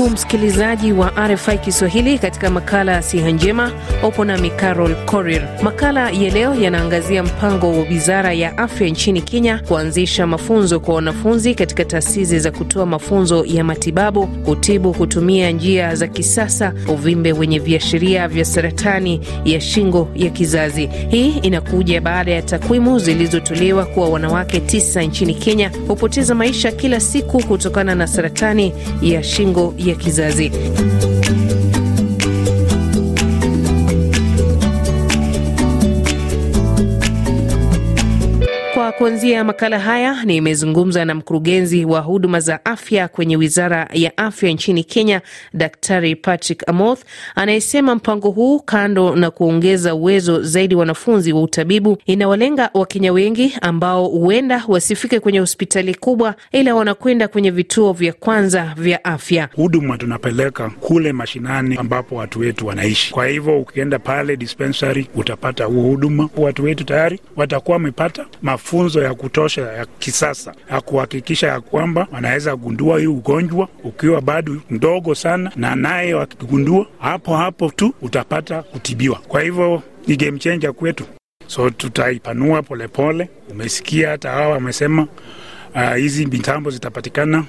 Karibu msikilizaji wa RFI Kiswahili katika makala ya siha njema. Upo nami Carol Korir. Makala ya leo yanaangazia mpango wa wizara ya afya nchini Kenya kuanzisha mafunzo kwa wanafunzi katika taasisi za kutoa mafunzo ya matibabu kutibu kutumia njia za kisasa uvimbe wenye viashiria vya saratani ya shingo ya kizazi. Hii inakuja baada ya takwimu zilizotolewa kuwa wanawake tisa nchini Kenya hupoteza maisha kila siku kutokana na saratani ya shingo ya que Clizazé. kuanzia makala haya nimezungumza na mkurugenzi wa huduma za afya kwenye wizara ya afya nchini Kenya, Daktari Patrick Amoth, anayesema mpango huu kando na kuongeza uwezo zaidi wanafunzi wa utabibu, inawalenga Wakenya wengi ambao huenda wasifike kwenye hospitali kubwa, ila wanakwenda kwenye vituo vya kwanza vya afya. Huduma tunapeleka kule mashinani ambapo watu wetu wanaishi. Kwa hivyo ukienda pale dispensary utapata huo huduma. Watu wetu tayari watakuwa wamepata mafunzo mafunzo ya kutosha ya kisasa ya kuhakikisha ya kwamba wanaweza gundua hii ugonjwa ukiwa bado mdogo sana, na naye wakigundua hapo hapo tu utapata kutibiwa. Kwa hivyo ni game changer kwetu, so tutaipanua polepole. Umesikia hata hawa wamesema ah, hizi uh, mitambo zitapatikana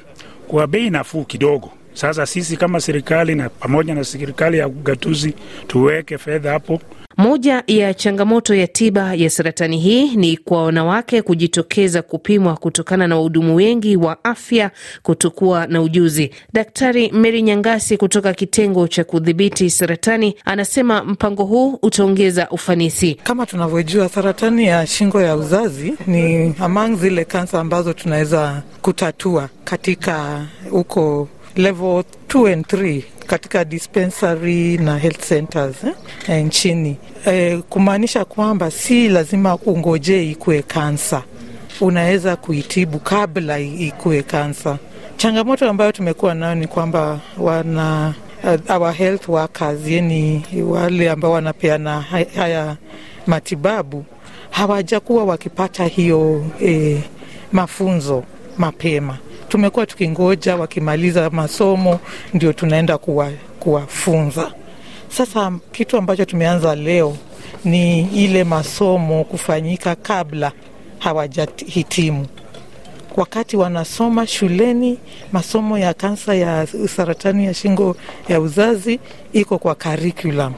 kwa bei nafuu kidogo. Sasa sisi kama serikali na pamoja na serikali ya ugatuzi tuweke fedha hapo moja ya changamoto ya tiba ya saratani hii ni kwa wanawake kujitokeza kupimwa kutokana na wahudumu wengi wa afya kutokuwa na ujuzi. Daktari Mary Nyangasi kutoka kitengo cha kudhibiti saratani anasema mpango huu utaongeza ufanisi. Kama tunavyojua, saratani ya shingo ya uzazi ni among zile kansa ambazo tunaweza kutatua katika huko level 2 and 3 katika dispensary na health centers eh, nchini eh, kumaanisha kwamba si lazima ungojee ikuwe kansa, unaweza kuitibu kabla ikuwe kansa. Changamoto ambayo tumekuwa nayo ni kwamba wana uh, our health workers, yani wale ambao wanapeana haya matibabu hawajakuwa wakipata hiyo eh, mafunzo mapema tumekuwa tukingoja wakimaliza masomo ndio tunaenda kuwa, kuwafunza. Sasa kitu ambacho tumeanza leo ni ile masomo kufanyika kabla hawajahitimu wakati wanasoma shuleni, masomo ya kansa ya saratani ya shingo ya uzazi iko kwa curriculum,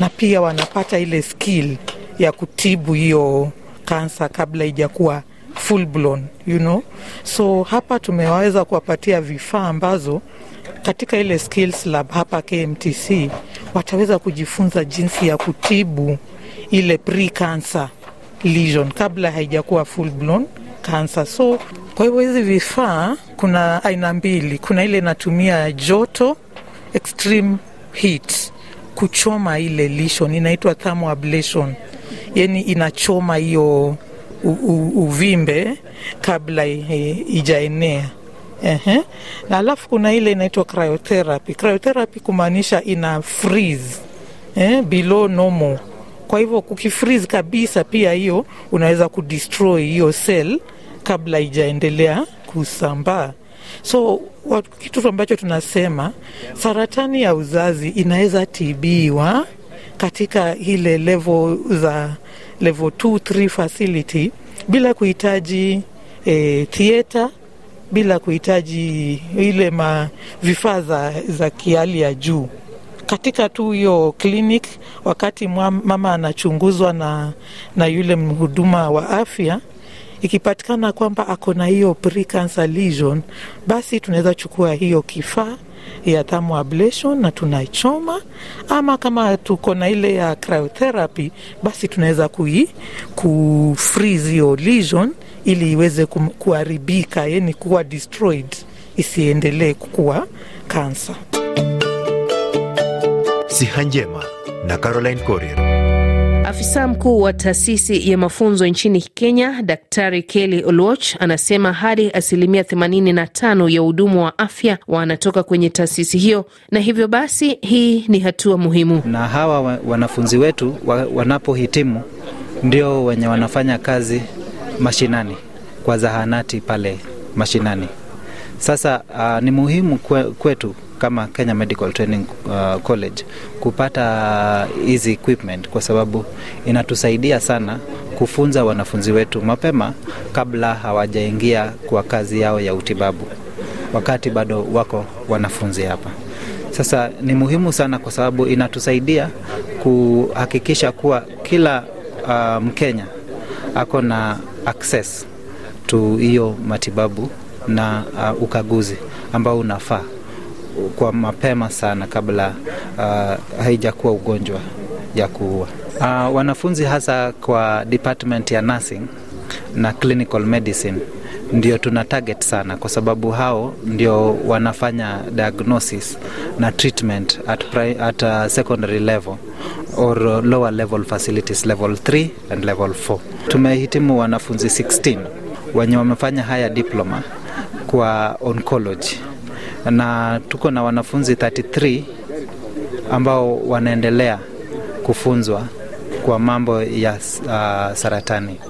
na pia wanapata ile skill ya kutibu hiyo kansa kabla ijakuwa full blown, you know. So hapa tumeweza kuwapatia vifaa ambazo katika ile skills lab hapa KMTC wataweza kujifunza jinsi ya kutibu ile pre-cancer lesion kabla haijakuwa full blown cancer. So kwa hivyo hizi vifaa kuna aina mbili, kuna ile inatumia joto extreme heat kuchoma ile lesion, inaitwa thermal ablation, yani inachoma hiyo uvimbe kabla ijaenea. Ehe. Na alafu kuna ile inaitwa cryotherapy. Cryotherapy kumaanisha ina freeze eh, below normal. Kwa hivyo kukifreeze kabisa, pia hiyo unaweza kudestroy hiyo cell kabla ijaendelea kusambaa. So kitu ambacho tunasema saratani ya uzazi inaweza tibiwa katika ile level za level 2 3 facility bila kuhitaji e, theater bila kuhitaji ile ma vifaa za, za kiali ya juu katika tu hiyo clinic. Wakati mama anachunguzwa na, na yule mhuduma wa afya Ikipatikana kwamba ako na hiyo pre lesion, basi tunaweza chukua hiyo kifaa ya thermal ablation na tunaichoma, ama kama tuko na ile ya cryotherapy, basi tunaweza kui ku hiyo lesion ili iweze kuharibika, yani kuwa destroyed, isiendelee kukuwa kansa. Siha Njema na Caroline Corrier. Afisa mkuu wa taasisi ya mafunzo nchini Kenya, Daktari Kelly Oluoch, anasema hadi asilimia 85 ya hudumu wa afya wanatoka kwenye taasisi hiyo, na hivyo basi hii ni hatua muhimu. Na hawa wanafunzi wetu wanapohitimu ndio wenye wanafanya kazi mashinani kwa zahanati pale mashinani. Sasa uh, ni muhimu kwetu kama Kenya Medical Training uh, College kupata hizi equipment, kwa sababu inatusaidia sana kufunza wanafunzi wetu mapema kabla hawajaingia kwa kazi yao ya utibabu, wakati bado wako wanafunzi hapa. Sasa ni muhimu sana kwa sababu inatusaidia kuhakikisha kuwa kila uh, um, Mkenya ako na access to hiyo matibabu na uh, ukaguzi ambao unafaa kwa mapema sana kabla uh, haijakuwa ugonjwa ya kuua. Uh, wanafunzi hasa kwa department ya nursing na clinical medicine ndio tuna target sana, kwa sababu hao ndio wanafanya diagnosis na treatment at, pri, at uh, secondary level or uh, lower level facilities level 3 and level 4. Tumehitimu wanafunzi 16 wenye wamefanya haya diploma kwa oncology na tuko na wanafunzi 33 ambao wanaendelea kufunzwa kwa mambo ya uh, saratani.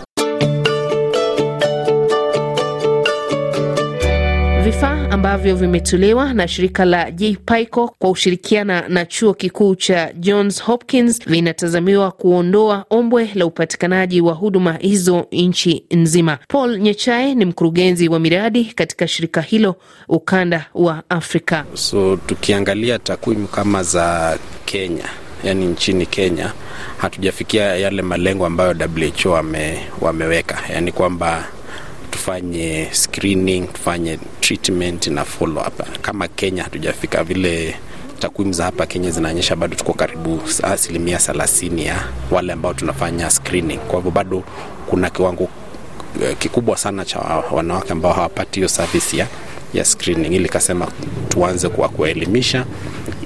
Vifaa ambavyo vimetolewa na shirika la JPICO kwa ushirikiana na chuo kikuu cha Johns Hopkins vinatazamiwa kuondoa ombwe la upatikanaji wa huduma hizo nchi nzima. Paul Nyechae ni mkurugenzi wa miradi katika shirika hilo ukanda wa Afrika. So tukiangalia takwimu kama za Kenya, yani nchini Kenya hatujafikia yale malengo ambayo WHO wame, wameweka, yani kwamba tufanye screening, tufanye treatment na follow up. Kama Kenya hatujafika vile takwimu za hapa Kenya zinaonyesha bado tuko karibu asilimia thelathini ya wale ambao tunafanya screening. Kwa hivyo bado kuna kiwango eh, kikubwa sana cha wanawake ambao hawapati hiyo service ya, ya screening, ili kasema tuanze kwa kuwaelimisha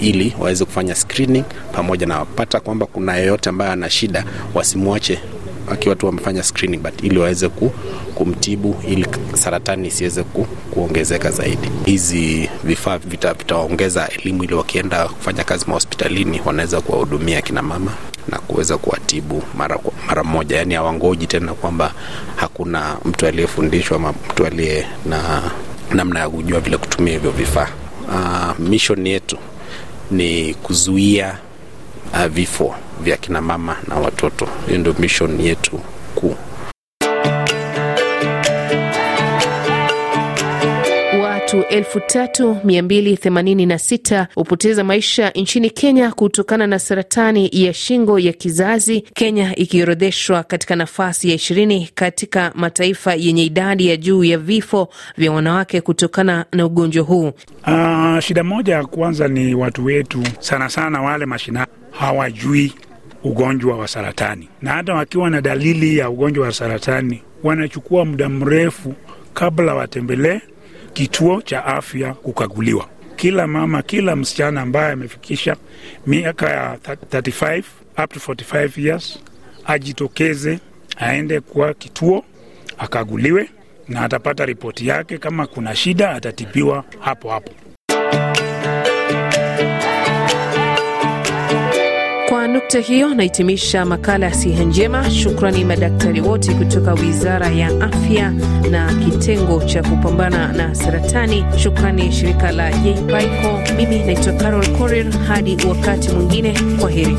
ili waweze kufanya screening pamoja na wapata kwamba kuna yeyote ambaye ana shida wasimwache akiwa tu wamefanya screening but ili waweze ku, kumtibu ili saratani isiweze ku, kuongezeka zaidi. Hizi vifaa vitawaongeza elimu ili wakienda kufanya kazi mahospitalini wanaweza kuwahudumia kina mama na kuweza kuwatibu mara, mara moja, yaani hawangoji tena kwamba hakuna mtu aliyefundishwa ama mtu aliye na namna ya kujua vile kutumia hivyo vifaa. Uh, ah, mishoni yetu ni kuzuia uh, vifo vya kina mama na watoto. Hiyo ndio mission yetu. watu 3286 hupoteza maisha nchini Kenya kutokana na saratani ya shingo ya kizazi, Kenya ikiorodheshwa katika nafasi ya ishirini katika mataifa yenye idadi ya juu ya vifo vya wanawake kutokana na ugonjwa huu. Uh, shida moja ya kwanza ni watu wetu sana sana wale mashinani hawajui ugonjwa wa saratani, na hata wakiwa na dalili ya ugonjwa wa saratani wanachukua muda mrefu kabla watembelee kituo cha afya kukaguliwa. Kila mama, kila msichana ambaye amefikisha miaka ya 35 up to 45 years ajitokeze, aende kwa kituo akaguliwe, na atapata ripoti yake. Kama kuna shida, atatibiwa hapo hapo. nukta hiyo nahitimisha makala ya siha njema. Shukrani madaktari wote kutoka Wizara ya Afya na kitengo cha kupambana na saratani. Shukrani shirika la jbico Mimi naitwa Carol Korir. Hadi wakati mwingine, kwa heri.